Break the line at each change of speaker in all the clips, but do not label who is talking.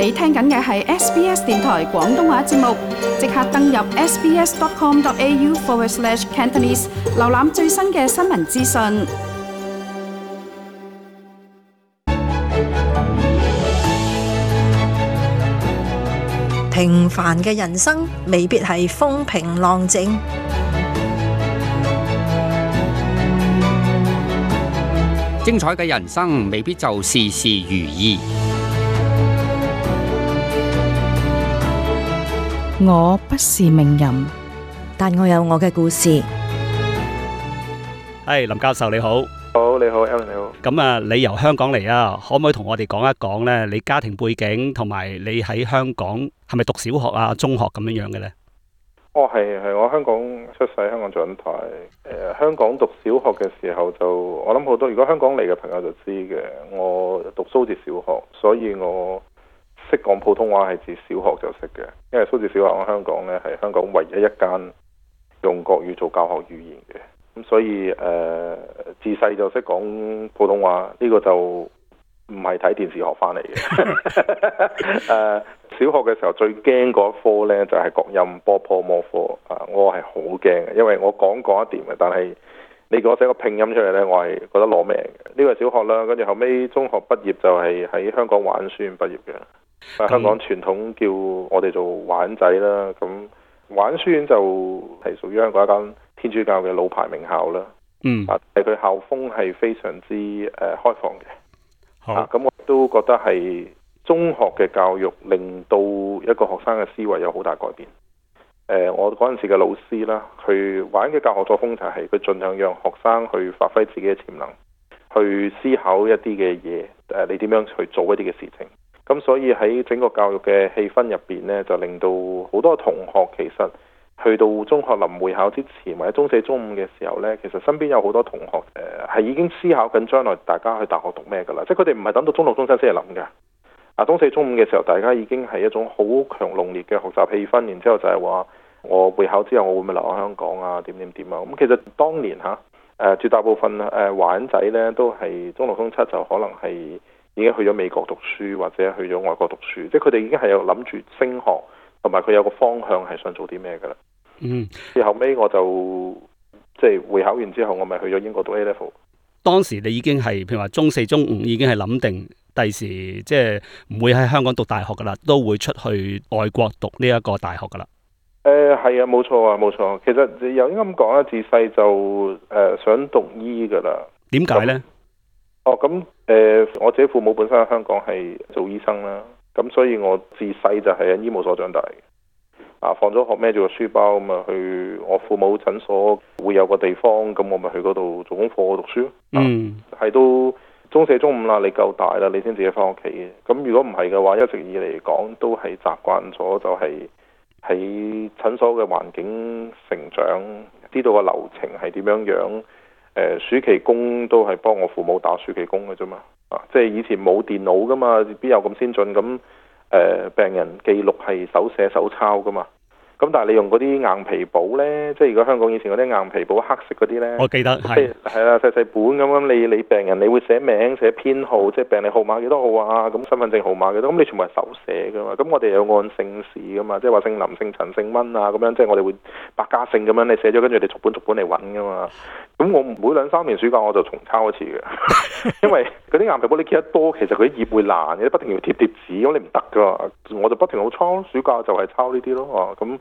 你聽緊嘅係 SBS 電台廣東話節目，即刻登入 sbs.com.au/cantonese，瀏覽最新嘅新聞資訊。
平凡嘅人生未必係風平浪靜，
精彩嘅人生未必就事事如意。我不是名人，但我有我嘅故事。係、hey, 林教授你好，好你好 Emily 你好。咁啊，你由香港嚟啊，可唔可以同我哋講一講咧？你家庭背景同埋你喺香港係咪讀小學啊、中學咁樣樣嘅咧？
哦，係係我香港出世，香港長大。誒、呃，香港讀小學嘅時候就我諗好多，如果香港嚟嘅朋友就知嘅。我讀蘇浙小學，所以我。識講普通話係自小學就識嘅，因為蘇浙小學喺香港呢係香港唯一一間用國語做教學語言嘅，咁所以誒、呃、自細就識講普通話，呢、這個就唔係睇電視學翻嚟嘅。誒、 啊、小學嘅時候最驚嗰一科呢，就係、是、國音波坡摩科啊，我係好驚嘅，因為我講講得掂嘅，但係你講寫個拼音出嚟呢，我係覺得攞命嘅。呢、這個小學啦，跟住後尾中學畢業就係喺香港華仁書院畢業嘅。香港傳統叫我哋做玩仔啦，咁玩書院就係屬於香港一間天主教嘅老牌名校啦。嗯，啊，佢校風係非常之誒、呃、開放嘅。咁好、啊、我都覺得係中學嘅教育令到一個學生嘅思維有好大改變。誒、呃，我嗰陣時嘅老師啦，佢玩嘅教學作風就係佢盡量讓學生去發揮自己嘅潛能，去思考一啲嘅嘢誒，你點樣去做一啲嘅事情。咁所以喺整個教育嘅氣氛入邊呢，就令到好多同學其實去到中學臨會考之前，或者中四、中五嘅時候呢，其實身邊有好多同學誒係、呃、已經思考緊將來大家去大學讀咩㗎啦。即係佢哋唔係等到中六、中七先係諗㗎。啊，中四、中五嘅時候，大家已經係一種好強濃烈嘅學習氣氛。然之後就係話，我會考之後，我會唔會留喺香港啊？點點點啊？咁其實當年吓，誒、啊、絕大部分誒華仁、啊、仔呢都係中六、中七就可能係。已經去咗美國讀書或者去咗外國讀書，即係佢哋已經係有諗住升學，同埋佢有個方向係想做啲咩噶
啦。
嗯，後尾我就即係會考完之後，我咪去咗英國讀 A level。
當時你已經係譬如話中四、中五，已經係諗定第時即係唔會喺香港讀大學噶啦，都會出去外國讀呢一個大學噶啦。
誒、呃，係啊，冇錯啊，冇錯。其實又應該咁講啊，自細就誒、呃、想讀醫噶啦。
點解呢？
哦，咁誒、呃，我自己父母本身喺香港係做醫生啦，咁所以我自細就係喺醫務所長大，啊，放咗學孭住個書包咁啊，去我父母診所會有個地方，咁我咪去嗰度做功課讀書。啊、嗯，係到中四、中五啦，你夠大啦，你先自己翻屋企。咁如果唔係嘅話，一直以嚟講都係習慣咗就係喺診所嘅環境成長，知道個流程係點樣樣。暑期工都係幫我父母打暑期工嘅啫嘛，即係以前冇電腦㗎嘛，邊有咁先進咁？誒、啊、病人記錄係手寫手抄㗎嘛。咁但係你用嗰啲硬皮簿咧，即係如果香港以前嗰啲硬皮簿黑色嗰啲咧，我記得係係啦，細細本咁，咁你你病人你會寫名寫編號，即係病歷號碼幾多號啊，咁身份證號碼幾多，咁你全部係手寫㗎嘛，咁我哋有按姓氏㗎嘛，即係話姓林、姓陳、姓蚊啊咁樣，即係我哋會百家姓咁樣，你寫咗跟住你逐本逐本嚟揾㗎嘛，咁我唔每兩三年暑假我就重抄一次嘅， 因為嗰啲硬皮簿你記得多，其實嗰啲頁會爛嘅，你不停要貼貼紙，咁你唔得㗎，我就不停去抄，暑假就係抄呢啲咯，咁。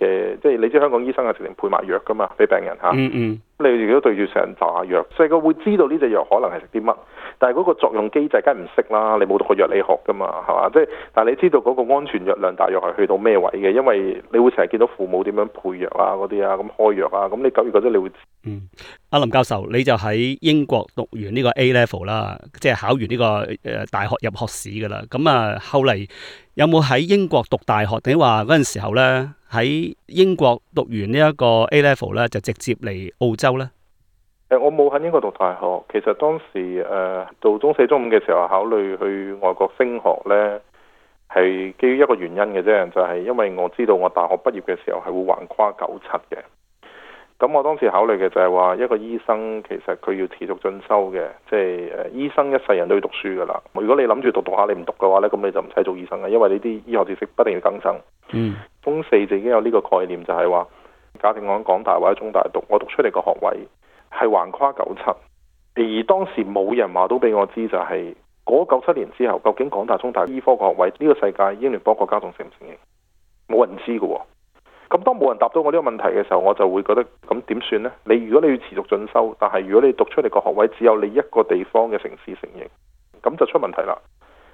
嘅即係你知香港醫生啊，直情配埋藥噶嘛，俾病人嚇。嗯嗯。你如都對住成打藥，所以佢會知道呢隻藥可能係食啲乜，但係嗰個作用機制梗係唔識啦，你冇讀過藥理學噶嘛，係嘛？即係，但係你知道嗰個安全藥量大約係去到咩位嘅？因為你會成日見到父母點樣配藥啊、嗰啲啊，咁開藥啊，咁你久而久之你會
嗯。阿林教授，你就喺英國讀完呢個 A level 啦，即係考完呢個誒大學入學試噶啦。咁啊，後嚟有冇喺英國讀大學？定話嗰陣時候咧喺？英國讀完呢一個 A level 咧，就直接嚟澳洲啦。
我冇喺英國讀大學，其實當時誒，到、呃、中四、中五嘅時候考慮去外國升學呢，係基於一個原因嘅啫，就係、是、因為我知道我大學畢業嘅時候係會橫跨九七嘅。咁我當時考慮嘅就係話，一個醫生其實佢要持續進修嘅，即係誒醫生一世人都要讀書㗎啦。如果你諗住讀讀下，你唔讀嘅話呢，咁你就唔使做醫生嘅，因為呢啲醫學知識不斷要更新。嗯，中四就已經有呢個概念，就係話，假定我喺港大或者中大讀，我讀出嚟個學位係橫跨九七，而當時冇人話都俾我知，就係，就係嗰九七年之後，究竟港大、中大醫科個學位呢，呢個世界英聯邦國家仲承唔承認？冇人知嘅喎。咁當冇人答到我呢個問題嘅時候，我就會覺得咁點算呢？你如果你要持續進修，但係如果你讀出嚟個學位只有你一個地方嘅城市承認，咁就出問題啦。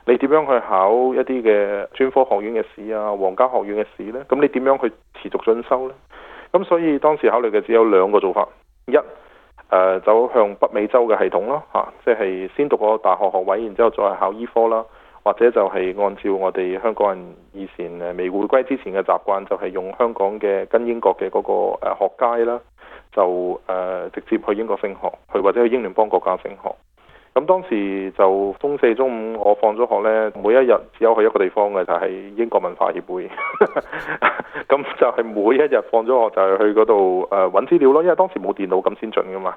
你點樣去考一啲嘅專科學院嘅試啊、皇家學院嘅試呢？咁你點樣去持續進修呢？咁所以當時考慮嘅只有兩個做法：一誒走向北美洲嘅系統咯，嚇，即係先讀個大學學位，然之後再考醫科啦。或者就係按照我哋香港人以前誒未回歸之前嘅習慣，就係用香港嘅跟英國嘅嗰個誒學街啦，就誒直接去英國升學，去或者去英聯邦國家升學。咁當時就中四中五，我放咗學呢，每一日只有去一個地方嘅，就係、是、英國文化協會。咁 就係每一日放咗學就係去嗰度誒揾資料咯，因為當時冇電腦咁先進噶嘛，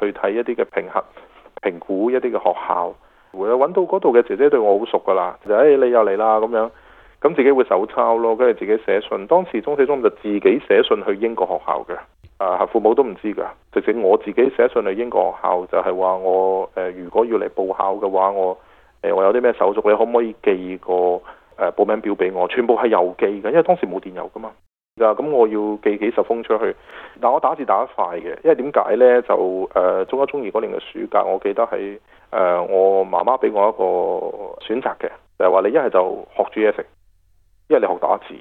去睇一啲嘅評核、評估一啲嘅學校。會啊，揾到嗰度嘅姐姐對我好熟噶啦，就誒你又嚟啦咁樣，咁自己會手抄咯，跟住自己寫信。當時中四中五就自己寫信去英國學校嘅，啊，父母都唔知噶，直情我自己寫信去英國學校，就係、是、話我誒、呃、如果要嚟報考嘅話，我誒、呃、我有啲咩手續，你可唔可以寄個誒報名表俾我？全部係郵寄嘅，因為當時冇電郵噶嘛。咁，我要寄幾十封出去。嗱，我打字打得快嘅，因為點解呢？就誒、呃，中一中二嗰年嘅暑假，我記得喺誒、呃，我媽媽俾我一個選擇嘅，就係話你一係就學煮嘢食，一係你學打字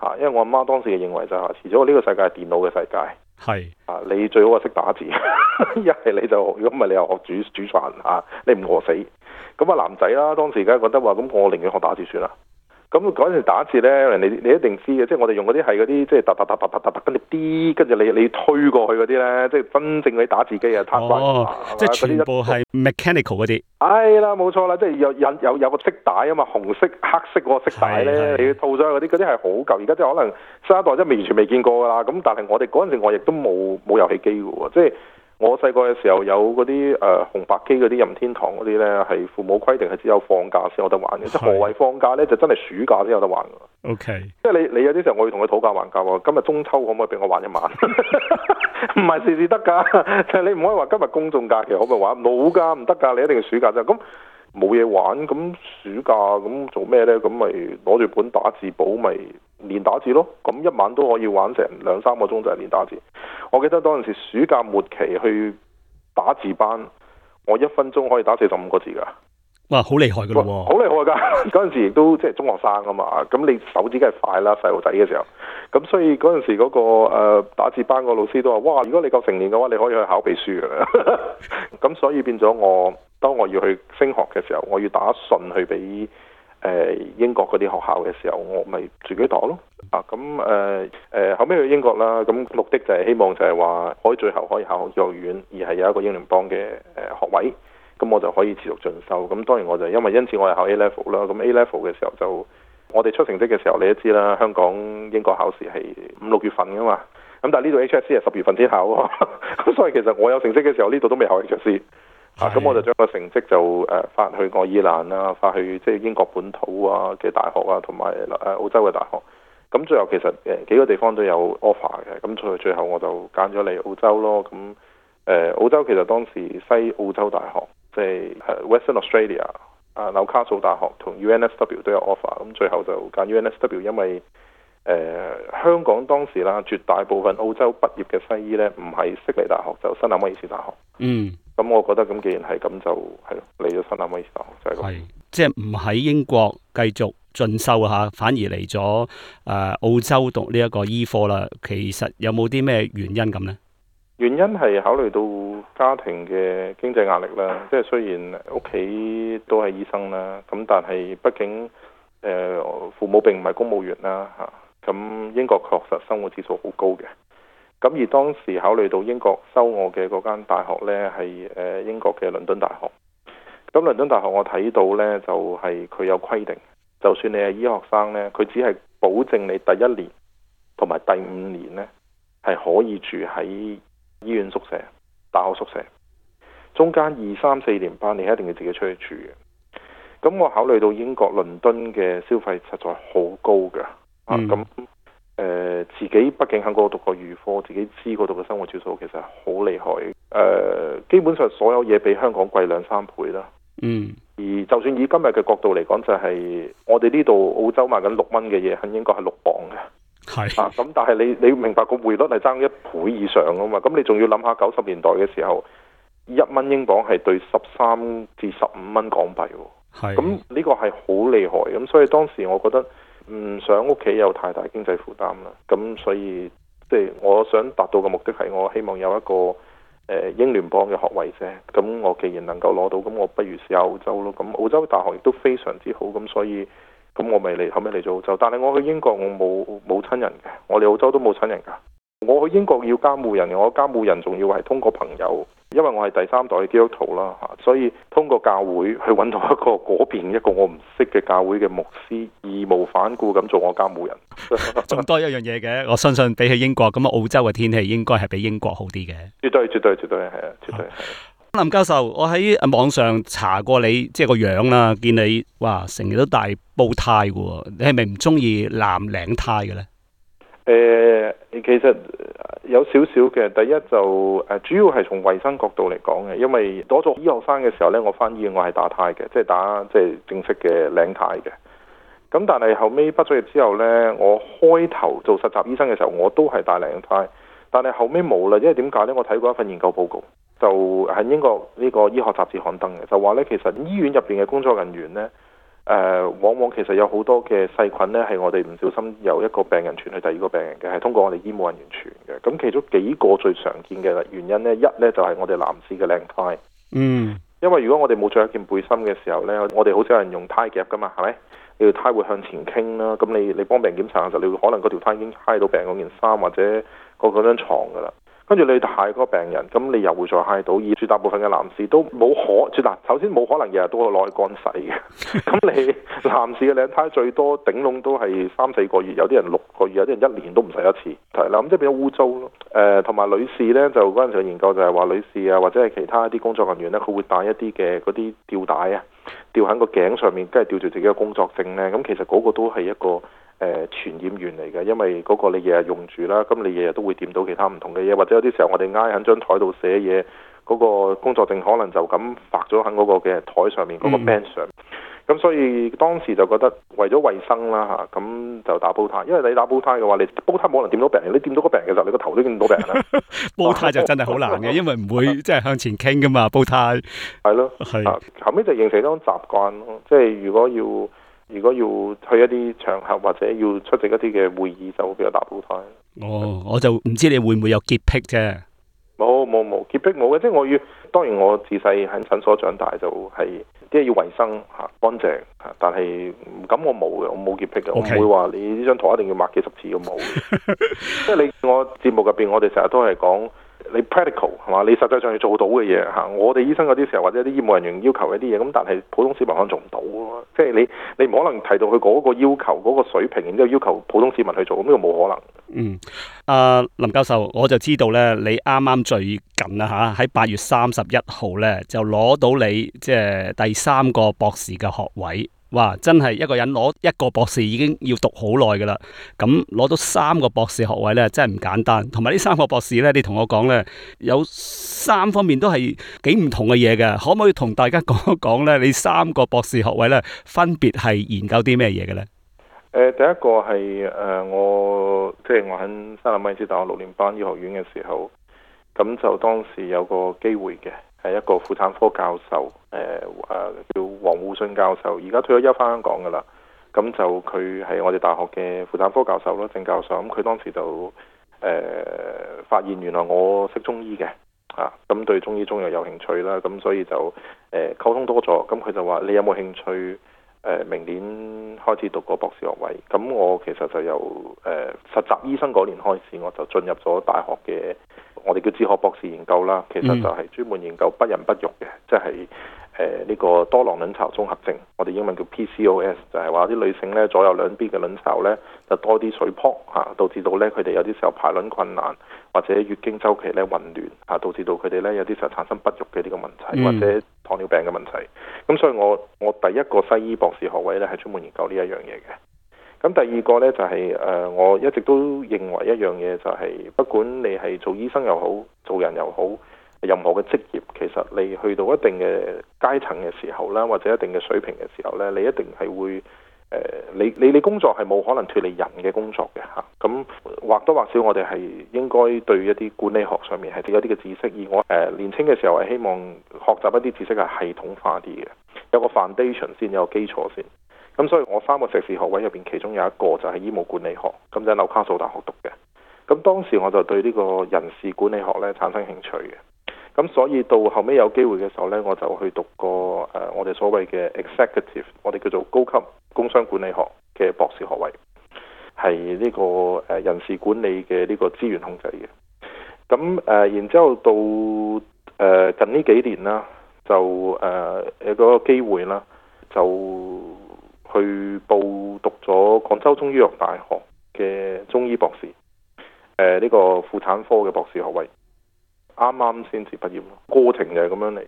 嚇、啊。因為我阿媽當時嘅認為就係話，遲早呢個世界係電腦嘅世界，係啊，你最好係識打字。一 係你就如果唔係你又學煮煮飯嚇，你唔餓死。咁啊男仔啦，當時梗係覺得話，咁我寧願學打字算啦。咁嗰陣時打字咧，你你一定知嘅，即係我哋用嗰啲係嗰啲，即係嗒嗒嗒嗒嗒嗒，跟住啲，跟住你你推過去嗰啲咧，即係真正嘅打字機啊，踏板，
即係全部係 mechanical 嗰啲。
係啦，冇錯啦，即係有有有個色帶啊嘛，紅色、黑色個色帶咧，你套上嗰啲，嗰啲係好舊，而家即係可能新一代即係未完全未見過噶啦。咁但係我哋嗰陣時我亦都冇冇遊戲機嘅喎，即係。我細個嘅時候有嗰啲誒紅白機嗰啲任天堂嗰啲呢，係父母規定係只有放假先有得玩嘅。即的何謂放假呢？就真係暑假先有得玩。OK，即係你你有啲時候我要同佢討價還價喎。今日中秋可唔可以俾我玩一晚？唔 係時時得㗎，就係你唔可以話 今日公眾假期可唔可以玩？冇㗎，唔得㗎，你一定要暑假咋？咁冇嘢玩，咁暑假咁做咩呢？咁咪攞住本打字簿咪。練打字咯，咁一晚都可以玩成兩三個鐘就係練打字。我記得嗰陣時暑假末期去打字班，我一分鐘可以打四十五個字噶。
哇，好厲害
噶咯、啊！好厲害噶，嗰 陣時亦都即係中學生啊嘛。咁你手指梗係快啦，細路仔嘅時候。咁所以嗰陣時嗰，那個誒、呃、打字班個老師都話，哇，如果你夠成年嘅話，你可以去考秘書嘅啦。咁 所以變咗我當我要去升學嘅時候，我要打信去俾。誒英國嗰啲學校嘅時候，我咪自己讀咯。啊，咁誒誒後尾去英國啦。咁目的就係希望就係話可以最後可以考幼兒園，而係有一個英聯邦嘅誒學位，咁我就可以持續進修。咁當然我就因為因此我係考 A level 啦。咁 A level 嘅時候就我哋出成績嘅時候，你都知啦，香港英國考試係五六月份噶嘛。咁但係呢度 HS 係十月份先考，咁 所以其實我有成績嘅時候，呢度都未考 HS。啊，咁我就將個成績就誒發去愛爾蘭啦，發去即係、啊、英國本土啊嘅大學啊，同埋誒澳洲嘅大學。咁最後其實誒、呃、幾個地方都有 offer 嘅，咁所以最後我就揀咗嚟澳洲咯。咁、呃、誒澳洲其實當時西澳洲大學，即、就、係、是、Western Australia 啊紐卡素大學同 UNSW 都有 offer，咁、嗯、最後就揀 UNSW，因為誒、呃、香港當時啦絕大部分澳洲畢業嘅西醫咧唔係悉尼大學就新南威爾士大學，嗯。咁我覺得咁，既然係咁就係咯，嚟咗新南威爾斯就係、是、咁。係
即係唔喺英國繼續進修吓，反而嚟咗誒澳洲讀呢一個醫科啦。其實有冇啲咩原因咁呢？
原因係考慮到家庭嘅經濟壓力啦，即係雖然屋企都係醫生啦，咁但係畢竟誒父母並唔係公務員啦吓，咁英國確實生活指數好高嘅。咁而當時考慮到英國收我嘅嗰間大學呢，係誒英國嘅倫敦大學。咁倫敦大學我睇到呢，就係佢有規定，就算你係醫學生呢，佢只係保證你第一年同埋第五年呢，係可以住喺醫院宿舍、大學宿舍。中間二三四年班你一定要自己出去住嘅。咁我考慮到英國倫敦嘅消費實在好高嘅，啊咁、嗯。誒、呃、自己畢竟喺嗰度讀過預科，自己知嗰度嘅生活指數其實好厲害。誒、呃、基本上所有嘢比香港貴兩三倍啦。嗯，而就算以今日嘅角度嚟講、就係，就係我哋呢度澳洲賣緊六蚊嘅嘢，肯應該係六磅嘅。係咁、啊、但係你你明白個匯率係爭一倍以上啊嘛？咁你仲要諗下九十年代嘅時候，一蚊英鎊係對十三至十五蚊港幣喎。係，咁呢個係好厲害。咁所以當時我覺得。唔想屋企有太大經濟負擔啦，咁所以即係、就是、我想達到嘅目的係，我希望有一個誒、呃、英聯邦嘅學位啫。咁我既然能夠攞到，咁我不如試下澳洲咯。咁澳洲大學亦都非常之好，咁所以咁我咪嚟後尾嚟咗澳洲。但係我去英國我，我冇冇親人嘅，我嚟澳洲都冇親人噶。我去英國要監護人嘅，我監護人仲要係通過朋友。因為我係第三代基督徒啦，吓，所以通過教會去揾到一個嗰邊一個我唔識嘅教會嘅牧師，義無反顧咁做我監護人。仲多一樣嘢嘅，
我相信比起英國咁啊，澳洲嘅天氣應該係比英國好啲嘅。
絕對絕對絕對係啊，絕
對係。林教授，我喺網上查過你，即係個樣啦，見你哇，成日都戴煲呔嘅喎，你係咪唔中意藍領呔嘅咧？
誒，其實。有少少嘅，第一就誒、是，主要係從衞生角度嚟講嘅，因為我做醫學生嘅時候呢，我返醫院我係打呔嘅，即係打即係正式嘅領呔嘅。咁但係後尾畢咗業之後呢，我開頭做實習醫生嘅時候，我都係戴領呔，但係後尾冇啦，因為點解呢，我睇過一份研究報告，就喺英國呢個醫學雜誌刊登嘅，就話呢其實醫院入邊嘅工作人員呢。誒、呃，往往其實有好多嘅細菌咧，係我哋唔小心由一個病人傳去第二個病人嘅，係通過我哋醫務人員傳嘅。咁其中幾個最常見嘅原因呢，一呢就係、是、我哋男士嘅領呔。嗯，因為如果我哋冇着一件背心嘅時候呢，我哋好少人用呔夾噶嘛，係咪？你條呔會向前傾啦，咁你你幫病人檢查嘅時候，你可能嗰條呔已經揩到病人嗰件衫或者嗰嗰張牀噶啦。跟住你揩個病人，咁你又會再揩到。而絕大部分嘅男士都冇可，絕大首先冇可能日日都攞去乾洗嘅。咁你男士嘅領呔最多頂籠都係三四個月，有啲人六個月，有啲人一年都唔使一次。係啦，咁即係變咗污糟咯。誒、呃，同埋女士呢，就嗰陣時研究就係話女士啊，或者係其他一啲工作人員呢，佢會戴一啲嘅嗰啲吊帶啊，吊喺個頸上面，跟住吊住自己嘅工作證呢。咁其實嗰個都係一個。誒、呃、傳染源嚟嘅，因為嗰個你日日用住啦，咁你日日都會掂到其他唔同嘅嘢，或者有啲時候我哋挨喺張台度寫嘢，嗰、那個工作證可能就咁發咗喺嗰個嘅台上面嗰個 bench 上，咁、嗯、所以當時就覺得為咗衞生啦嚇，咁、啊、就打煲呔。因為你打煲呔嘅話，你煲呔冇可能掂到病人，你掂到個病人嘅時候，你個頭都掂到病人、啊、啦。
煲呔就真係好難嘅，因為唔會即係向前傾噶嘛，煲呔，係咯，係、啊、
後尾就形成一種習慣即係如果要。如果要去一啲場合或者要出席一啲嘅會議，就會比較搭好台。
哦，我就唔知你會唔會有潔癖啫。
冇冇冇潔癖冇嘅，即係我要。當然我自細喺診所長大就係即係要衛生吓、啊、乾淨吓、啊，但係咁我冇嘅，我冇潔癖嘅，Okay. 我唔會話你呢張圖一定要抹幾十次嘅，冇。 即係你我節目入邊，我哋成日都係講。你 practical 係嘛？你實際上要做到嘅嘢嚇，我哋醫生嗰啲時候或者啲醫務人員要求嘅啲嘢，咁但係普通市民可能做唔到，即係你你唔可能提到佢嗰個要求嗰個水平，然之後要求普通市民去做，咁呢個冇可能。
嗯，啊、呃、林教授，我就知道咧，你啱啱最近啊嚇，喺八月三十一號咧就攞到你即係第三個博士嘅學位。哇！真係一個人攞一個博士已經要讀好耐噶啦，咁攞到三個博士學位呢，真係唔簡單。同埋呢三個博士呢，你同我講呢，有三方面都係幾唔同嘅嘢嘅，可唔可以同大家講一講呢？你三個博士學位呢，分別係研究啲咩嘢嘅呢、
呃？第一個係誒、呃，我即係我喺三十米邁大學六年班醫學院嘅時候，咁就當時有個機會嘅。係一個婦產科教授，誒、呃、誒叫黃鬱信教授，而家退咗休返香港㗎啦。咁就佢係我哋大學嘅婦產科教授啦，正教授。咁佢當時就誒、呃、發現，原來我識中醫嘅，啊咁對中醫中藥有，有興趣啦。咁所以就誒、呃、溝通多咗。咁佢就話：你有冇興趣誒、呃、明年開始讀個博士學位？咁我其實就由誒、呃、實習醫生嗰年開始，我就進入咗大學嘅。我哋叫哲學博士研究啦，其實就係專門研究不孕不育嘅，即係誒呢個多囊卵巢綜合症，我哋英文叫 PCOS，就係話啲女性咧左右兩邊嘅卵巢咧就多啲水泡嚇，導致到咧佢哋有啲時候排卵困難，或者月經周期咧混亂嚇，導致到佢哋咧有啲時候產生不育嘅呢個問題，或者糖尿病嘅問題。咁所以我我第一個西醫博士學位咧係專門研究呢一樣嘢嘅。咁第二個呢，就係、是、誒、呃，我一直都認為一樣嘢就係、是，不管你係做醫生又好，做人又好，任何嘅職業，其實你去到一定嘅階層嘅時候啦，或者一定嘅水平嘅時候呢，你一定係會誒、呃，你你你工作係冇可能脱離人嘅工作嘅嚇。咁、啊、或多或少，我哋係應該對一啲管理學上面係有啲嘅知識。而我誒、呃、年輕嘅時候係希望學習一啲知識係系統化啲嘅，有個 foundation 先，有個基礎先。咁所以，我三個碩士學位入邊，其中有一個就係醫務管理學，咁就喺紐卡素大學讀嘅。咁當時我就對呢個人事管理學咧產生興趣嘅。咁所以到後尾有機會嘅時候咧，我就去讀個誒、呃、我哋所謂嘅 executive，我哋叫做高級工商管理學嘅博士學位，係呢個誒人事管理嘅呢個資源控制嘅。咁誒、呃，然之後到誒、呃、近呢幾年啦，就誒有嗰個機會啦，就。佢報讀咗廣州中醫藥大學嘅中醫博士，誒、呃、呢、呢個婦產科嘅博士學位，啱啱先至畢業，過程就係咁樣嚟。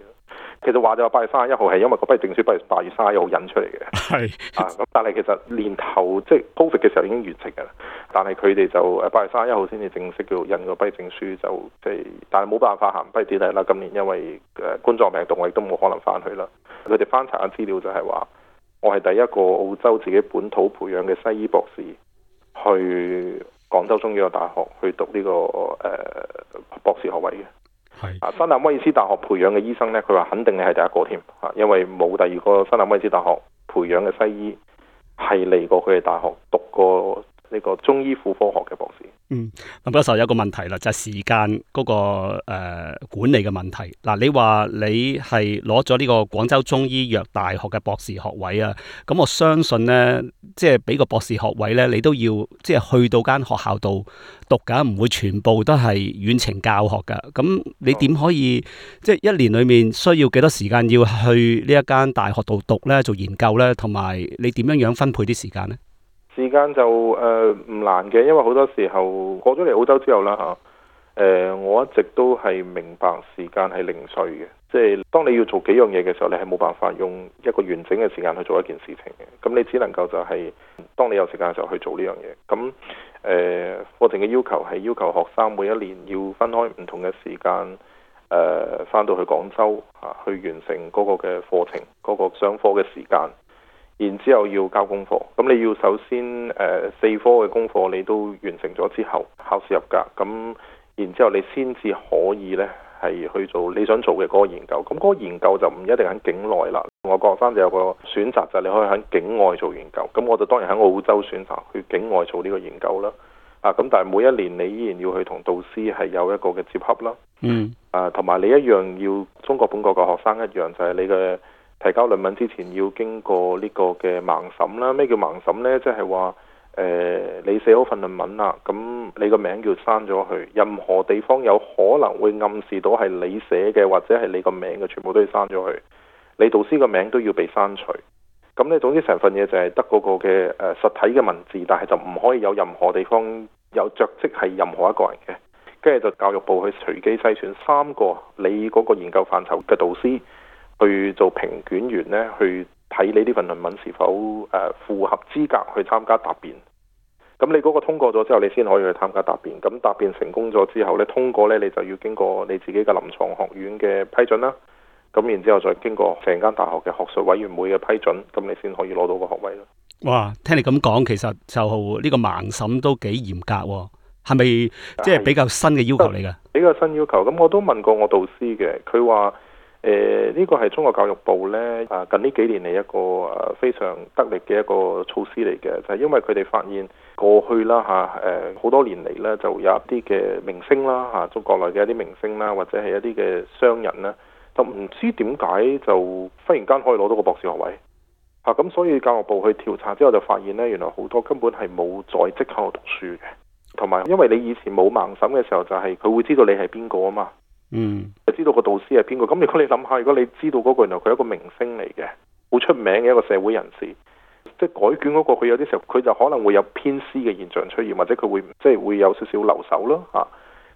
其實話就八月三十一號係因為個畢業證書，畢業八月三十一號印出嚟嘅。係啊，咁但係其實年頭即係 publish 嘅時候已經完成嘅，但係佢哋就誒八月三十一號先至正式叫印個畢業證書，就即、就、係、係，但係冇辦法行畢業典禮啦。今年因為誒冠狀病毒，我亦都冇可能翻去啦。佢哋翻查緊資料就係話。我係第一個澳洲自己本土培養嘅西醫博士，去廣州中醫藥大學去讀呢、這個誒、呃、博士學位嘅。係啊的，新南威爾斯大學培養嘅醫生呢，佢話肯定你係第一個添，嚇，因為冇第二個新南威爾斯大學培養嘅西醫係嚟過佢嘅大學讀過呢個中醫婦科學嘅博士。
嗯，林教授有個問題啦，就係、是、時間嗰、那個誒、呃、管理嘅問題。嗱、啊，你話你係攞咗呢個廣州中醫藥大學嘅博士學位啊，咁、嗯、我相信呢，即係俾個博士學位呢，你都要即係去到間學校度讀噶，唔會全部都係遠程教學噶。咁、嗯、你點可以、嗯、即係一年裏面需要幾多時間要去呢一間大學度讀呢？做研究呢？同埋你點樣樣分配啲時間呢？
時間就誒唔、呃、難嘅，因為好多時候過咗嚟澳洲之後啦嚇，誒、啊、我一直都係明白時間係零碎嘅，即、就、係、是、當你要做幾樣嘢嘅時候，你係冇辦法用一個完整嘅時間去做一件事情嘅，咁你只能夠就係、是、當你有時間嘅時候去做呢樣嘢。咁誒、呃、課程嘅要求係要求學生每一年要分開唔同嘅時間誒翻、呃、到去廣州嚇、啊、去完成嗰個嘅課程嗰、那個上課嘅時間。然之後要交功課，咁你要首先誒、呃、四科嘅功課你都完成咗之後，考試合格，咁然之後你先至可以呢係去做你想做嘅嗰個研究，咁嗰個研究就唔一定喺境內啦。我國學生就有個選擇就係、是、你可以喺境外做研究，咁我就當然喺澳洲選擇去境外做呢個研究啦。啊，咁但係每一年你依然要去同導師係有一個嘅接洽啦。嗯。啊，同埋你一樣要中國本國嘅學生一樣就係、是、你嘅。提交論文之前要經過呢個嘅盲審啦。咩叫盲審呢？即係話誒，你寫好份論文啦，咁你個名叫刪咗佢。任何地方有可能會暗示到係你寫嘅，或者係你個名嘅，全部都要刪咗佢。你導師個名都要被刪除。咁咧，總之成份嘢就係得嗰個嘅誒實體嘅文字，但係就唔可以有任何地方有着跡係任何一個人嘅。跟住就教育部去隨機篩選三個你嗰個研究範疇嘅導師。去做評卷員呢，去睇你呢份論文是否，呃，符合資格去參加答辯。咁你嗰個通過咗之後，你先可以去參加答辯。咁答辯成功咗之後呢，通過呢，你就要經過你自己嘅臨床學院嘅批准啦。咁然之後再經過成間大學嘅學術委員會嘅批准，咁你先可以攞到個學位咯。
哇，聽你咁講，其實就呢個盲審都幾嚴格，係咪即係比較新嘅要求嚟㗎，啊？
比較新要求，咁我都問過我導師嘅，佢話。誒呢、呃這個係中國教育部咧啊，近呢幾年嚟一個誒非常得力嘅一個措施嚟嘅，就係、是、因為佢哋發現過去啦嚇，誒、啊、好、啊、多年嚟呢，就有一啲嘅明星啦嚇，中、啊、國內嘅一啲明星啦，或者係一啲嘅商人咧、啊，就唔知點解就忽然間可以攞到個博士學位嚇，咁、啊、所以教育部去調查之後就發現呢，原來好多根本係冇在職喺度讀書嘅，同埋因為你以前冇盲審嘅時候，就係、是、佢會知道你係邊個啊嘛，嗯。知道個導師係邊個？咁如果你諗下，如果你知道嗰、那個原來佢係一個明星嚟嘅，好出名嘅一個社會人士，即係改卷嗰、那個，佢有啲時候佢就可能會有偏私嘅現象出現，或者佢會即係會有少少留守咯嚇。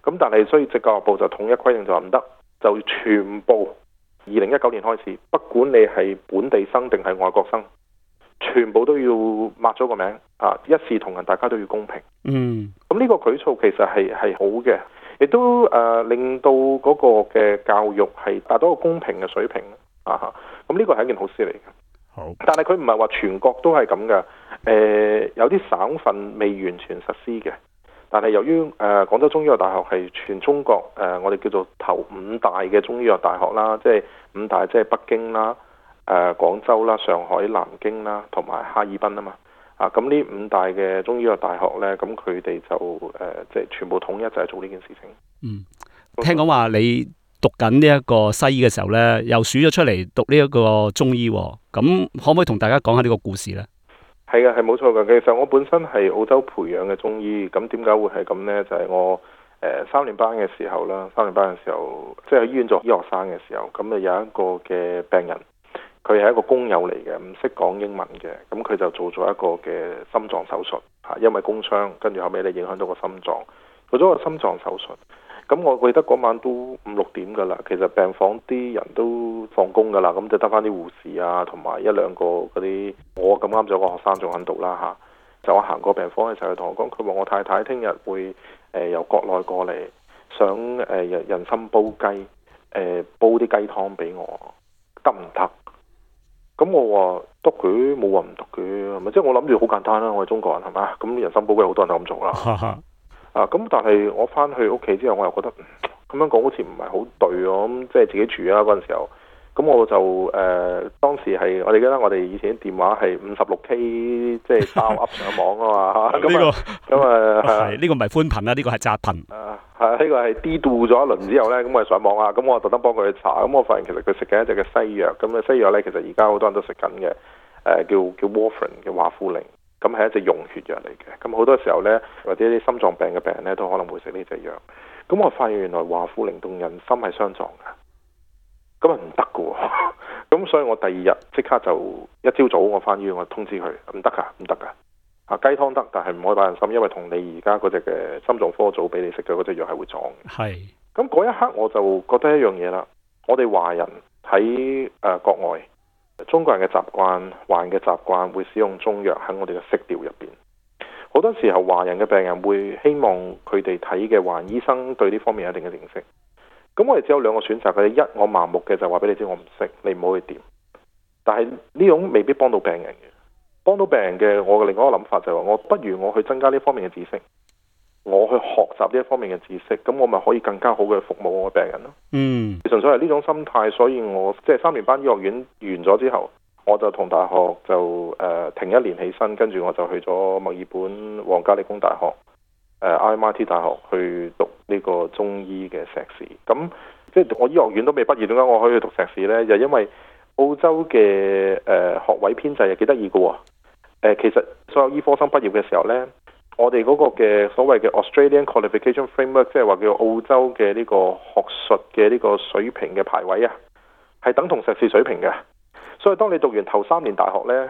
咁、啊、但係所以直教育部就統一規定就唔得，就全部二零一九年開始，不管你係本地生定係外國生，全部都要抹咗個名嚇、啊，一視同仁，大家都要公平。
嗯，
咁呢個舉措其實係係好嘅。亦都誒令到嗰個嘅教育係達到一個公平嘅水平啊，咁呢個係一件好事嚟嘅。但係佢唔係話全國都係咁嘅。誒、呃、有啲省份未完全實施嘅，但係由於誒、呃、廣州中醫藥大學係全中國誒、呃、我哋叫做頭五大嘅中醫藥大學啦，即係五大，即係北京啦、誒、呃、廣州啦、上海、南京啦，同埋哈爾濱啊嘛。啊，咁呢五大嘅中醫藥大學呢，咁佢哋就誒，即係全部統一就係做呢件事情。嗯，
聽講話你讀緊呢一個西醫嘅時候呢，又選咗出嚟讀呢一個中醫，咁可唔可以同大家講下呢個故事呢？
係嘅，係冇錯嘅。其實我本身係澳洲培養嘅中醫，咁點解會係咁呢？就係我誒三年班嘅時候啦，三年班嘅時候，即係喺醫院做醫學生嘅時候，咁啊有一個嘅病人。佢係一個工友嚟嘅，唔識講英文嘅，咁、嗯、佢就做咗一個嘅心臟手術，嚇、啊，因為工傷，跟住後尾咧影響到個心臟，做咗個心臟手術。咁、嗯、我記得嗰晚都五六點㗎啦，其實病房啲人都放工㗎啦，咁、嗯、就得返啲護士啊，同埋一兩個嗰啲，我咁啱就個學生仲喺度啦吓、啊，就我行過病房嘅時候，佢同我講，佢話我太太聽日會誒、呃、由國內過嚟，想誒、呃、人心煲雞，誒、呃、煲啲雞湯俾我，得唔得？咁、嗯、我話讀佢冇話唔讀佢，咪即係我諗住好簡單啦。我係中國人係咪？咁人生寶貴，好多人都咁做啦。哈哈啊，咁，但係我翻去屋企之後，我又覺得咁、嗯、樣講好似唔係好對。我、嗯、咁即係自己住啊嗰陣時候，咁我就誒、呃、當時係我哋記得我哋以前電話係五十六 K，即係 dial up 上網啊嘛。咁咁啊，呢、這個
唔係寬頻啦，呢、這個係窄頻。
係，呢、啊這個係 D 度咗一輪之後呢，咁、嗯、我、嗯、上網啊，咁我特登幫佢去查，咁我發現其實佢食緊一隻嘅西藥，咁嘅西藥呢，其實而家好多人都食緊嘅，誒、呃、叫叫 Warfarin 嘅華夫靈，咁係一隻溶血藥嚟嘅，咁好多時候呢，或者啲心臟病嘅病人呢都可能會食呢隻藥，咁我發現原來華夫靈同人心係相撞噶，咁啊唔得嘅，咁所以我第二日即刻就一朝早我返醫院，我通知佢唔得噶，唔得噶。啊雞湯得，但係唔可以擺人心，因為同你而家嗰隻嘅心臟科組俾你食嘅嗰隻藥係會撞嘅。咁嗰是一刻我就覺得一樣嘢啦。我哋華人喺誒、呃、國外，中國人嘅習慣，華人嘅習慣會使用中藥喺我哋嘅食療入邊。好多時候華人嘅病人會希望佢哋睇嘅華人醫生對呢方面有一定嘅認識。咁我哋只有兩個選擇，佢哋一我盲目嘅就話俾你知，我唔識，你唔好去掂。但係呢種未必幫到病人嘅。幫到病人嘅，我嘅另外一個諗法就係、是、話，我不如我去增加呢方面嘅知識，我去學習呢一方面嘅知識，咁我咪可以更加好嘅服務我嘅病人咯。嗯，純粹係呢種心態，所以我即係三年班醫學院完咗之後，我就同大學就誒、呃、停一年起身，跟住我就去咗墨爾本皇家理工大學誒 RMIT、呃、大學去讀呢個中醫嘅碩士。咁即係我醫學院都未畢業，點解我可以去讀碩士呢？就因為澳洲嘅誒、呃、學位編制係幾得意嘅喎。誒，其實所有醫科生畢業嘅時候呢，我哋嗰個嘅所謂嘅 Australian Qualification Framework，即係話叫澳洲嘅呢個學術嘅呢個水平嘅排位啊，係等同碩士水平嘅。所以當你讀完頭三年大學呢，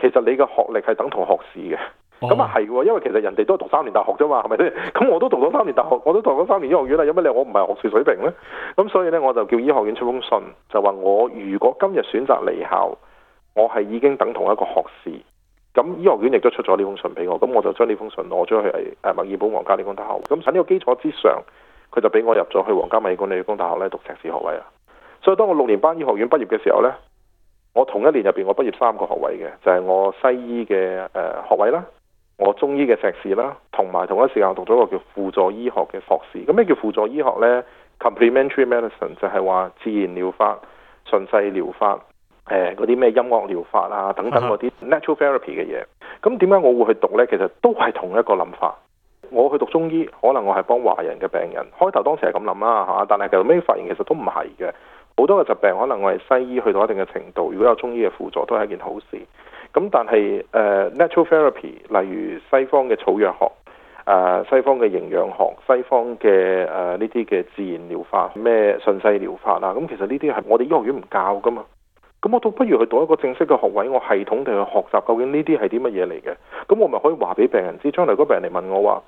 其實你嘅學歷係等同學士嘅。咁啊係嘅，因為其實人哋都係讀三年大學啫嘛，係咪先？咁 我都讀咗三年大學，我都讀咗三年醫學院啦，有乜理由我唔係學士水平呢？咁所以呢，我就叫醫學院出封信，就話我如果今日選擇離校，我係已經等同一個學士。咁醫學院亦都出咗呢封信俾我，咁我就將呢封信攞咗去係誒墨爾本皇家理工大學。咁喺呢個基礎之上，佢就俾我入咗去皇家墨爾本理工大學咧讀碩士學位啊。所以當我六年班醫學院畢業嘅時候呢，我同一年入邊我畢業三個學位嘅，就係、是、我西醫嘅誒學位啦，我中醫嘅碩士啦，同埋同一時間讀咗個叫輔助醫學嘅博士。咁咩叫輔助醫學呢？Complementary Medicine 就係話自然療法、順勢療法。誒嗰啲咩音樂療法啊，等等嗰啲 natural therapy 嘅嘢，咁點解我會去讀呢？其實都係同一個諗法。我去讀中醫，可能我係幫華人嘅病人。開頭當時係咁諗啦吓，但係其實後尾發現其實都唔係嘅。好多嘅疾病，可能我係西醫去到一定嘅程度，如果有中醫嘅輔助，都係一件好事。咁但係誒、呃、natural therapy，例如西方嘅草藥學，誒、呃、西方嘅營養學，西方嘅誒呢啲嘅自然療法，咩順勢療法啊，咁其實呢啲係我哋醫學院唔教噶嘛。咁我都不如去讀一個正式嘅學位，我系統地去學習究竟呢啲係啲乜嘢嚟嘅。咁我咪可以話俾病人知，將來個病人嚟問我話，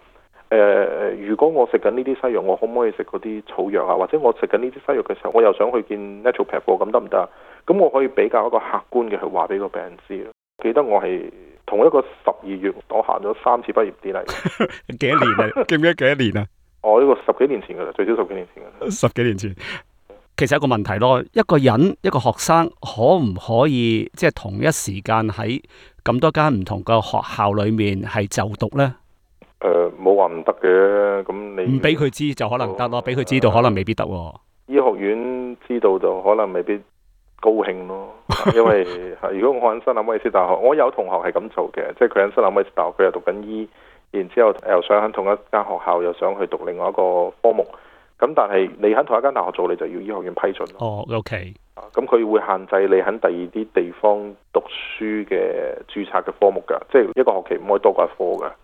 誒、呃，如果我食緊呢啲西藥，我可唔可以食嗰啲草藥啊？或者我食緊呢啲西藥嘅時候，我又想去見 naturopath，咁得唔得啊？咁我可以比較一個客觀嘅去話俾個病人知咯。記得我係同一個十二月，我行咗三次畢業典禮，
幾年啊？
記唔記得幾多年啊？ 我呢個十幾年前噶啦，最少十幾年前，
十幾年前。其實係一個問題咯，一個人一個學生可唔可以即係同一時間喺咁多間唔同嘅學校裏面係就讀呢？誒、
呃，冇話唔得嘅，咁你唔俾佢
知就可能得咯，俾佢、呃、知道可能未必得喎。
醫學院知道就可能未必高興咯， 因為如果我喺新南威斯大學，我有同學係咁做嘅，即係佢喺新南威斯大學，佢又讀緊醫，然之後又想喺同一間學校又想去讀另外一個科目。咁但係你喺同一間大學做，你就要醫學院批准
咯。哦，OK。啊，
咁佢會限制你喺第二啲地方讀書嘅注冊嘅科目噶，即係一個學期唔可以多過一科噶。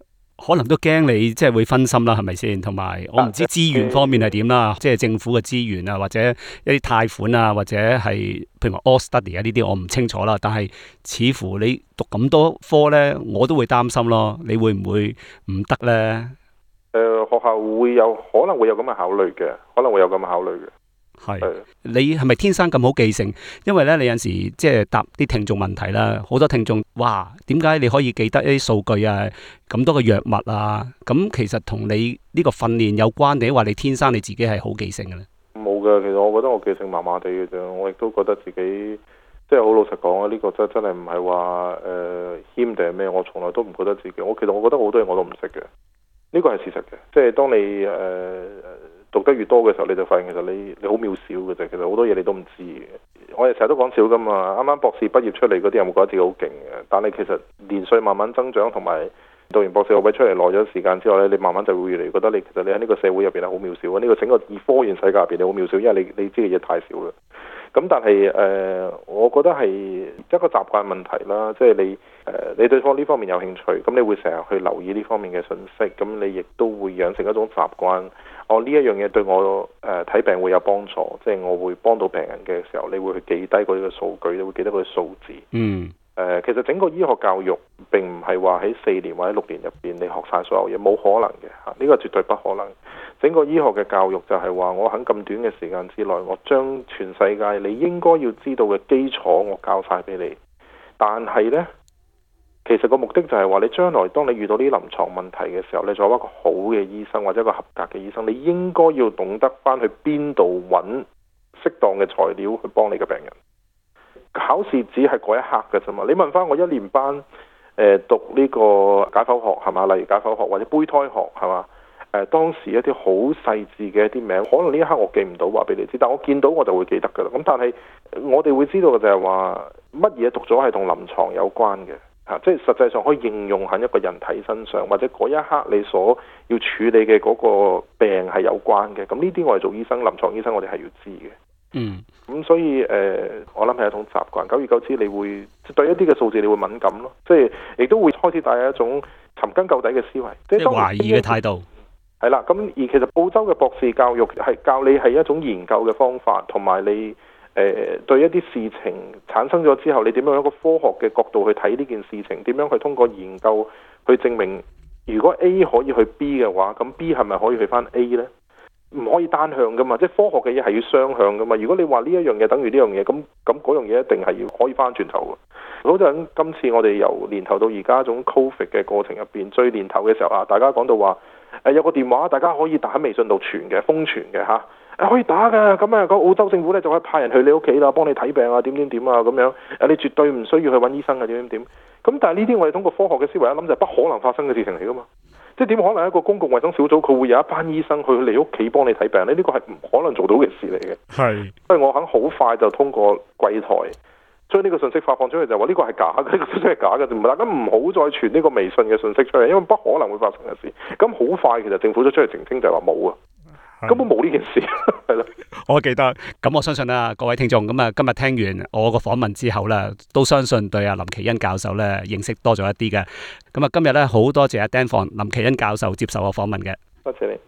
可能都驚你即係會分心啦，係咪先？同埋但我唔知資源方面係點啦，即係、呃就係、政府嘅資源啊，或者一啲貸款啊，或者係譬如話 all study 啊呢啲，我唔清楚啦。但係似乎你讀咁多科呢，我都會擔心咯。你會唔會唔得呢？
誒，學校會有可能會有咁嘅考慮嘅，可能會有咁嘅考慮嘅。係，
是的你係咪天生咁好記性？因為呢，你有陣時即係答啲聽眾問題啦，好多聽眾哇，點解你可以記得一啲數據啊，咁多嘅藥物啊？咁、嗯、其實同你呢個訓練有關，定係話你天生你自己係好記性嘅
咧？冇嘅，其實我覺得我記性麻麻地嘅啫，我亦都覺得自己即係好老實講啊，呢、這個真真係唔係話誒謙定係咩，我從來都唔覺得自己，我其實我覺得好多嘢我都唔識嘅。呢個係事實嘅，即係當你誒、呃、讀得越多嘅時候，你就發現其實你你好渺小嘅啫。其實好多嘢，你都唔知，我哋成日都講笑噶嘛。啱啱博士畢業出嚟嗰啲人會覺得自己好勁嘅。但係其實年歲慢慢增長，同埋讀完博士學位出嚟耐咗時間之後咧，你慢慢就會越嚟越覺得你其實你喺呢個社會入邊係好渺小啊！呢、這個整個二科研世界入邊你好渺小，因為你你知嘅嘢太少啦。咁但係誒、呃，我覺得係一個習慣問題啦，即係你。誒，你對方呢方面有興趣，咁你會成日去留意呢方面嘅信息，咁你亦都會養成一種習慣。哦，呢一樣嘢對我誒、呃、睇病會有幫助，即係我會幫到病人嘅時候，你會去記低嗰啲嘅數據，你會記得嗰啲數字。嗯。誒、呃，其實整個醫學教育並唔係話喺四年或者六年入邊，你學晒所有嘢，冇可能嘅嚇，呢個絕對不可能。整個醫學嘅教育就係話，我喺咁短嘅時間之內，我將全世界你應該要知道嘅基礎，我教晒俾你。但係呢。其實個目的就係話，你將來當你遇到啲臨床問題嘅時候，你做一個好嘅醫生或者一個合格嘅醫生，你應該要懂得翻去邊度揾適當嘅材料去幫你嘅病人。考試只係嗰一刻嘅啫嘛。你問翻我一年班，誒、呃、讀呢個解剖學係嘛？例如解剖學或者胚胎學係嘛？誒、呃、當時一啲好細緻嘅一啲名，可能呢一刻我記唔到話俾你知，但我見到我就會記得㗎啦。咁但係我哋會知道嘅就係話，乜嘢讀咗係同臨床有關嘅。啊！即係實際上可以應用喺一個人體身上，或者嗰一刻你所要處理嘅嗰個病係有關嘅。咁呢啲我哋做醫生、臨床醫生我、嗯嗯呃，我哋係要知嘅。嗯。咁所以誒，我諗係一種習慣，久而久之，你會、即係、對一啲嘅數字你會敏感咯。即係亦都會開始帶有一種尋根究底嘅思維，即係懷疑嘅態度。係啦，咁而其實澳洲嘅博士教育係教你係一種研究嘅方法，同埋你。誒、呃、對一啲事情產生咗之後，你點樣一個科學嘅角度去睇呢件事情？點樣去通過研究去證明，如果 A 可以去 B 嘅話，咁 B 係咪可以去翻 A 呢？唔可以單向噶嘛，即係科學嘅嘢係要雙向噶嘛。如果你話呢一樣嘢等於呢樣嘢，咁咁嗰樣嘢一定係要可以翻轉頭嘅。好似今次我哋由年頭到而家，種 Covid 嘅過程入邊，最年頭嘅時候啊，大家講到話誒有個電話，大家可以打喺微信度傳嘅，瘋傳嘅嚇。啊、可以打噶，咁啊，嗰個澳洲政府咧就可以派人去你屋企啦，幫你睇病啊，點點點啊，咁樣誒、啊，你絕對唔需要去揾醫生啊，點點點。咁但係呢啲我哋通過科學嘅思維一諗就不可能發生嘅事情嚟噶嘛，即係點可能一個公共衛生小組佢會有一班醫生去你屋企幫你睇病呢？呢個係唔可能做到嘅事嚟嘅。係是，所以我肯好快就通過櫃檯將呢個信息發放出去，就話呢個係假嘅，呢個真係假嘅，大家唔好再傳呢個微信嘅信息出嚟，因為不可能會發生嘅事。咁好快其實政府都出嚟澄清就話冇啊。根本冇呢件
事，係咯？我記得，咁我相信啊，各位聽眾，咁啊，今日聽完我個訪問之後咧，都相信對阿林奇恩教授咧認識多咗一啲嘅。咁啊，今日咧好多謝阿 Danforn 林奇恩教授接受我訪問嘅，多
謝你。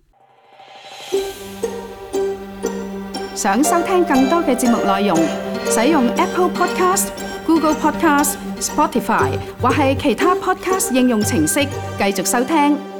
想收聽更多嘅節目內容，使用 Apple Podcast、Google Podcast、Spotify 或係其他 Podcast 應用程式繼續收聽。